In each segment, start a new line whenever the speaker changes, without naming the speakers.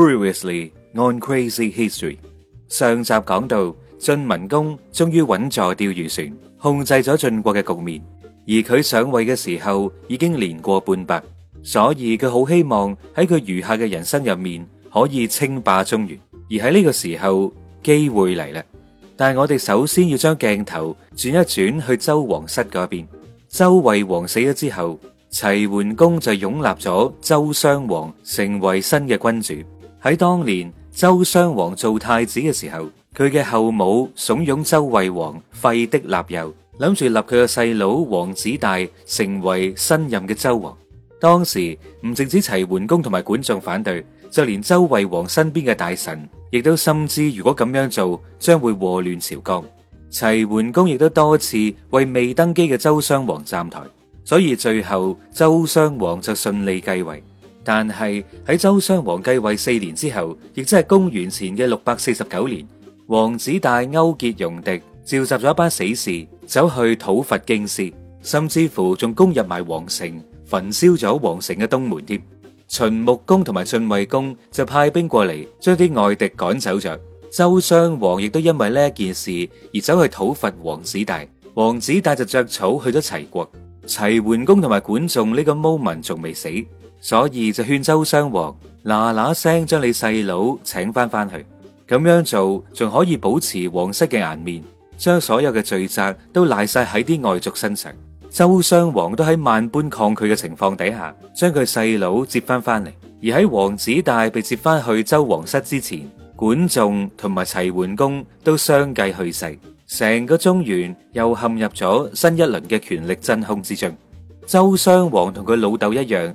Previously on Crazy History，上集講到晉文公終於穩坐釣魚船，控制咗晉國嘅局面。而佢上位嘅時候已經年過半百，所以佢好希望喺佢餘下嘅人生入面可以稱霸中原。而喺呢個時候機會嚟啦，但係我哋首先要將鏡頭轉一轉去周王室嗰邊。周惠王死咗之後，齊桓公就擁立咗周襄王成為新嘅君主。喺當年周襄王做太子嘅時候，佢嘅後母慫恿周惠王廢嫡立幼，諗住立佢嘅細佬王子帶成為新任嘅周王。當時唔淨止齊桓公同埋管仲反對，就連周惠王身邊嘅大臣亦都深知如果咁樣做，將會禍亂朝綱。齊桓公亦都多次為未登基嘅周襄王站台，所以最後周襄王就順利繼位。但係喺周襄王繼位四年之後，亦即係公元前嘅六百四十九年，王子帶勾結戎狄，召集咗一班死士，走去討伐京師，甚至乎仲攻入埋皇城，焚燒咗皇城嘅東門。添秦穆公同埋晉惠公就派兵過嚟，將啲外敵趕走咗。周襄王亦都因為呢一件事而走去討伐王子帶。王子帶就着草去咗齊國，齊桓公同埋管仲呢個 moment 仲未死。所以就勸周襄王嗱嗱聲，將你細佬請翻翻去，咁樣做仲可以保持皇室嘅顏面，將所有嘅罪責都賴晒喺啲外族身上。周襄王都喺萬般抗拒嘅情況底下，將佢細佬接翻翻嚟。而喺王子帶被接翻去周皇室之前，管仲同埋齊桓公都相繼去世，成個中原又陷入咗新一輪嘅權力真空之中。周襄王同佢老豆一樣。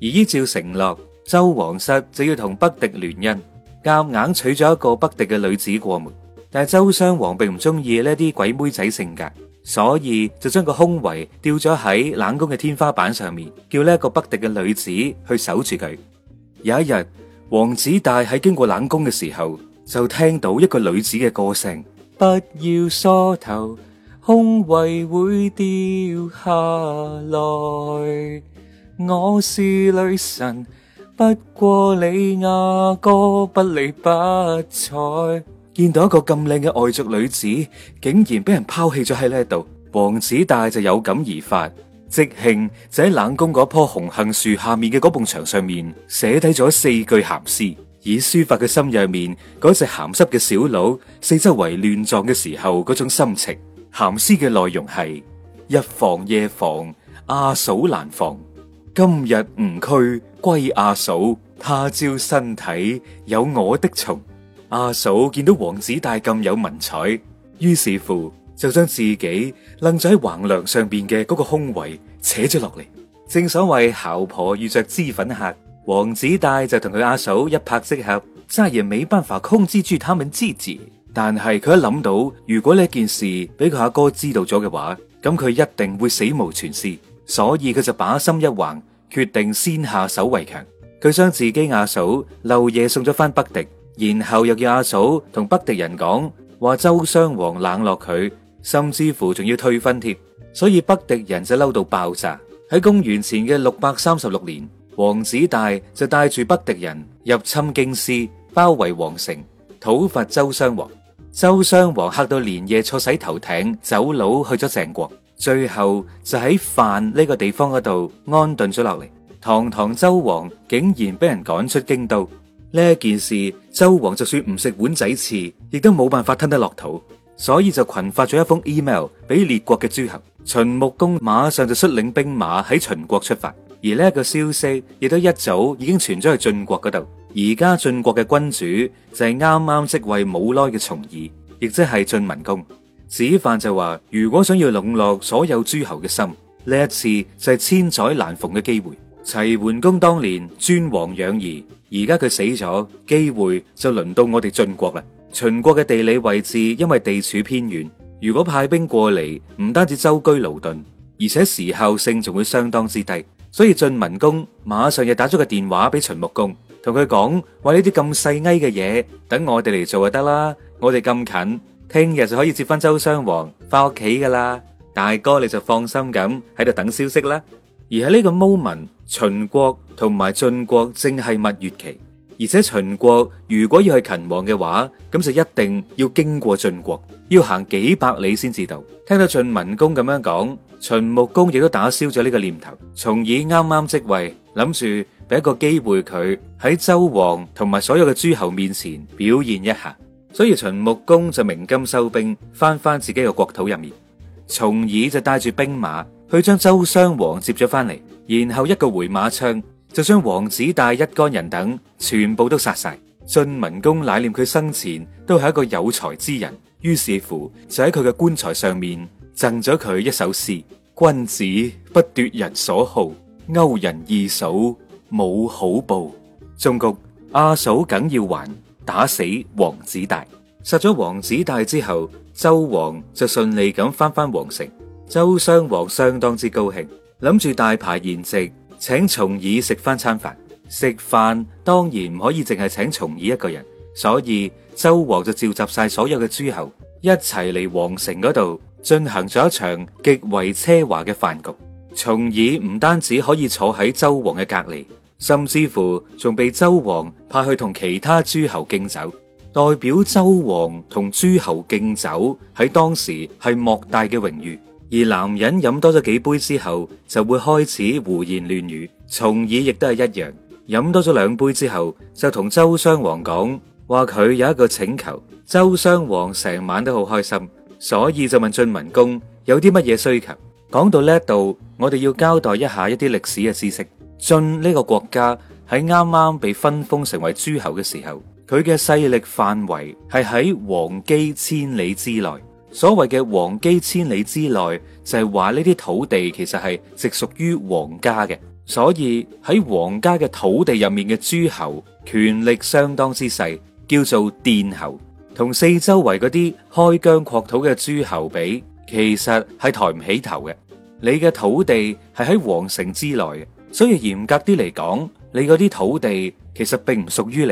而依照承諾，周皇室就要同北狄聯姻，夾硬，硬娶咗一個北狄嘅女子過門。但係周襄王並唔中意呢啲鬼妹仔性格，所以就將個胸圍吊咗喺冷宮嘅天花板上面，叫呢一個北狄嘅女子去守住佢。有一日，王子帶喺經過冷宮嘅時候，就聽到一個女子嘅歌聲： 不要梳頭，胸圍會掉下來。我是女神，不過你阿哥不理不睬。見到一個咁靚嘅外族女子，竟然俾人拋棄咗喺呢度，王子帶就有感而發，即興就喺冷宮嗰棵紅杏樹下面嘅嗰埲牆上面寫低咗四句鹹詩，以抒發嘅心入面嗰隻鹹濕嘅小佬，四周圍亂撞嘅時候嗰種心情。鹹詩嘅內容係日防夜防，阿、啊、嫂難防。今日唔區歸阿嫂，他朝身體有我的蟲。阿嫂見到王子帶咁有文采，於是乎就將自己掕咗喺橫梁上邊嘅嗰個空位扯咗落嚟。正所謂姣婆遇着脂粉客，王子帶就同佢阿嫂一拍即合，揸爺冇辦法控制住他們之字。但係佢一諗到，如果呢件事俾佢阿哥知道咗嘅話，咁佢一定會死無全屍。所以佢就把心一橫，決定先下手為強。佢將自己阿嫂漏夜送咗翻北狄，然後又叫阿嫂同北狄人講話周襄王冷落佢，甚至乎仲要退婚帖。所以北狄人就嬲到爆炸。喺公元前嘅六百三十六年，王子帶就帶住北狄人入侵京師，包圍皇城，討伐周襄王。周襄王吓到連夜坐洗頭艇走佬去咗鄭國。最後就喺范呢個地方嗰度安頓咗落嚟。堂堂周王竟然俾人趕出京都，呢一件事周王就算唔食碗仔翅，亦都冇辦法吞得落肚，所以就群發咗一封 email 俾列國嘅諸侯。秦穆公馬上就率領兵馬喺秦國出發，而呢一個消息亦都一早已經傳咗去晉國嗰度。而家晉國嘅君主就係啱啱即位冇耐嘅重耳，亦即係晉文公。子范就話：如果想要籠絡所有諸侯嘅心，呢一次就係千載難逢嘅機會。齊桓公當年尊王攘夷，而家佢死咗，機會就輪到我哋晉國啦。秦國嘅地理位置因為地處偏遠，如果派兵過嚟，唔單止舟車勞頓，而且時效性仲會相當之低。所以晉文公馬上又打咗個電話俾秦穆公，同佢講話：呢啲咁細藝嘅嘢，等我哋嚟做就得啦，我哋咁近。聽日就可以接翻周襄王翻屋企噶啦，大哥你就放心咁喺度等消息啦。而喺呢個 moment，秦國同埋晉國正係蜜月期，而且秦國如果要去勤王嘅話，咁就一定要經過晉國，要行幾百里先至到。聽到晉文公咁樣講，秦穆公亦都打消咗呢個念頭，從而啱啱即位，諗住俾一個機會佢喺周王同埋所有嘅諸侯面前表現一下。所以秦穆公就鳴金收兵，翻翻自己嘅國土入面，從而就帶住兵馬去將周襄王接咗翻嚟，然後一個回馬槍就將王子帶一干人等全部都殺晒。晉文公乃念佢生前都係一個有才之人，於是乎就喺佢嘅棺材上面贈咗佢一首詩：君子不奪人所好，勾人二嫂冇好報，終局阿嫂梗要還。打死王子帶，殺咗王子帶之後，周王就順利咁翻返皇城。周襄王相當之高興，諗住大排筵席，請重耳食翻餐飯。食飯當然唔可以淨係請重耳一個人，所以周王就召集晒所有嘅諸侯，一齊嚟皇城嗰度進行咗一場極為奢華嘅飯局。重耳唔單止可以坐喺周王嘅隔離。甚至乎仲被周王派去同其他諸侯敬酒，代表周王同諸侯敬酒喺當時係莫大嘅榮譽。而男人飲多咗幾杯之後，就會開始胡言亂語，從而亦都係一樣。飲多咗兩杯之後，就同周襄王講話，佢有一個請求。周襄王成晚都好開心，所以就問晉文公有啲乜嘢需求。講到呢度，我哋要交代一下一啲歷史嘅知識。晉呢個國家喺啱啱被分封成為諸侯嘅時候，佢嘅勢力範圍係喺王畿千里之內。所謂嘅王畿千里之內，就係話呢啲土地其實係直屬於皇家嘅。所以喺皇家嘅土地入面嘅諸侯，權力相當之細，叫做甸侯。同四周圍嗰啲開疆擴土嘅諸侯比，其實係抬唔起頭嘅。你嘅土地係喺皇城之內所以嚴格啲嚟講，你嗰啲土地其實並唔屬於你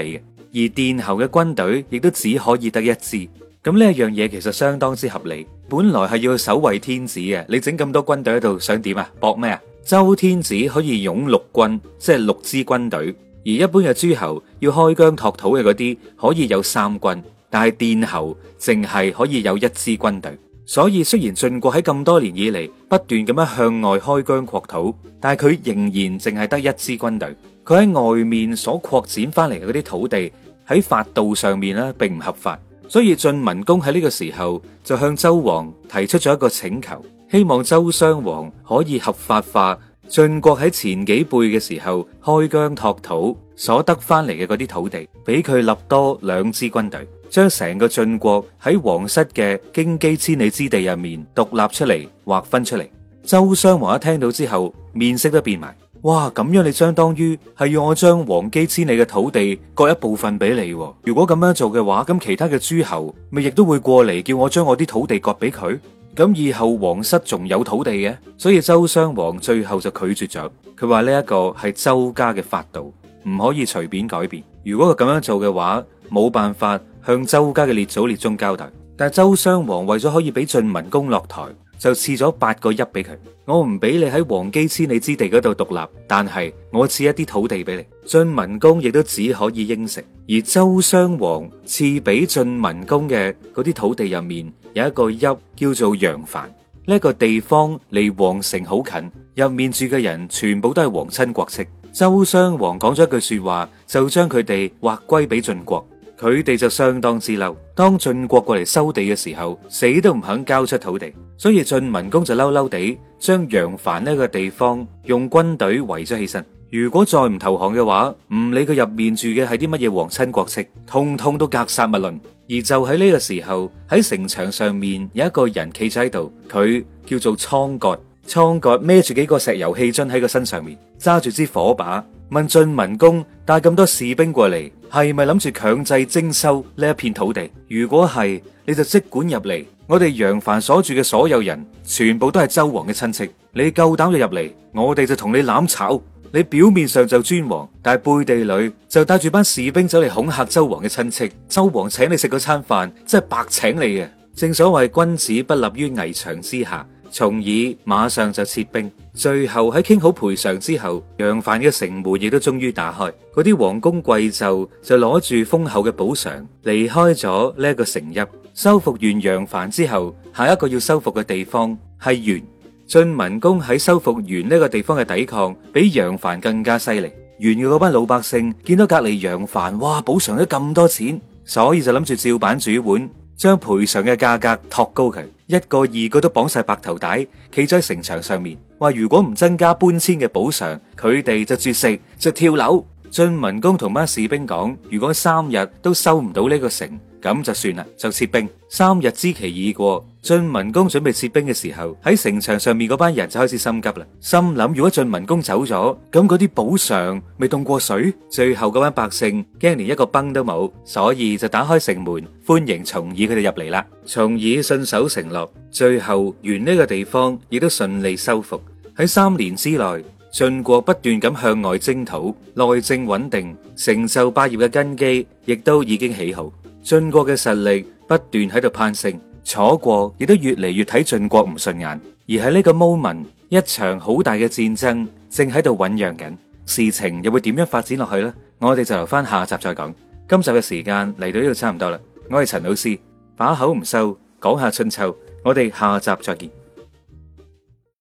嘅。而殿侯嘅軍隊亦都只可以得一支。咁呢一樣嘢其實相當之合理。本來係要去守衛天子嘅，你整咁多軍隊喺度，想點啊？搏咩啊？周天子可以擁六軍，即係六支軍隊，而一般嘅諸侯要開疆拓土嘅嗰啲可以有三軍，但係殿侯淨係可以有一支軍隊。所以雖然晉國喺咁多年以嚟不斷咁樣向外開疆擴土，但係佢仍然淨係得一支軍隊。佢喺外面所擴展翻嚟嗰啲土地喺法度上面呢並唔合法，所以晉文公喺呢個時候就向周王提出咗一個請求，希望周襄王可以合法化晉國喺前幾輩嘅時候開疆拓土所得翻嚟嘅嗰啲土地，俾佢立多兩支軍隊。將成個晉國喺王室嘅京畿千里之地入面獨立出嚟，劃分出嚟。周襄王一聽到之後，面色都變埋。哇，咁樣你相當於係要我將王畿千里嘅土地割一部分俾你。如果咁樣做嘅話，咁其他嘅諸侯咪亦都會過嚟叫我將我啲土地割俾佢。咁以後王室仲有土地嘅，所以周襄王最後就拒絕咗。佢話呢一個係周家嘅法度，唔可以隨便改變。如果佢咁樣做嘅話，冇辦法。向周家嘅列祖列宗交代，但係周襄王為咗可以俾晉文公落台，就賜咗八個邑俾佢。我唔俾你喺王畿千里之地嗰度獨立，但係我賜一啲土地俾你。晉文公亦都只可以應承。而周襄王賜俾晉文公嘅嗰啲土地入面有一個邑叫做陽樊，呢個地方離王城好近，入面住嘅人全部都係皇親國戚。周襄王講咗一句說話，就將佢哋劃歸俾晉國。佢哋就相當之嬲，當晉國過嚟收地嘅時候，死都唔肯交出土地，所以晉文公就嬲嬲地將楊樊呢個地方用軍隊圍咗起身。如果再唔投降嘅話，唔理佢入面住嘅係啲乜嘢皇親國戚，通通都格殺勿論。而就喺呢個時候，喺城牆上面有一個人企喺度，佢叫做倉葛。倉葛孭住幾個石油氣樽喺佢身上面，揸住支火把。問晉文，文公帶咁多士兵過嚟，係咪諗住強制徵收呢一片土地？如果係，你就即管入嚟。我哋楊帆所住嘅所有人，全部都係周王嘅親戚。你夠膽就入嚟，我哋就同你攬炒。你表面上就尊王，但係背地裏就帶住班士兵走嚟恐嚇周王嘅親戚。周王請你食嗰餐飯，真係白請你嘅。正所謂君子不立於危牆之下。從而馬上就撤兵，最後喺傾好賠償之後，楊帆嘅城門亦都終於打開，嗰啲皇宮貴族就攞住豐厚嘅補償離開咗呢一個城邑。收復完楊帆之後，下一個要收復嘅地方係原。晉文公喺收復原呢個地方嘅抵抗比楊帆更加犀利，原嘅嗰班老百姓見到隔籬楊帆，哇，補償咗咁多錢，所以就諗住照板煮碗，將賠償嘅價格托高佢。一個二個都綁晒白頭帶，企在城牆上面，話如果唔增加搬遷嘅補償，佢哋就絕食，就跳樓。晉文公同班士兵講：如果三日都收唔到呢個城，咁就算啦，就撤兵。三日之期已過。晉文公準備撤兵嘅時候，喺城牆上面嗰班人就開始心急啦。心諗，如果晉文公走咗，咁嗰啲補償未凍過水。最後嗰班百姓驚連一個崩都冇，所以就打開城門歡迎重耳佢哋入嚟啦。重耳信守承諾，最後原呢個地方亦都順利收復。喺三年之內，晉國不斷咁向外征討，內政穩定，成就霸業嘅根基亦都已經起好。晉國嘅實力不斷喺度攀升。楚國亦都越嚟越睇晉國唔順眼，而喺呢個 n t 一場好大嘅戰爭正喺度醞釀緊，事情又會點樣發展落去呢？我哋就留翻，下集再講。今集嘅時間嚟到呢度差唔多啦，我係陳老師，把口唔收，講下春秋，我哋下集再見。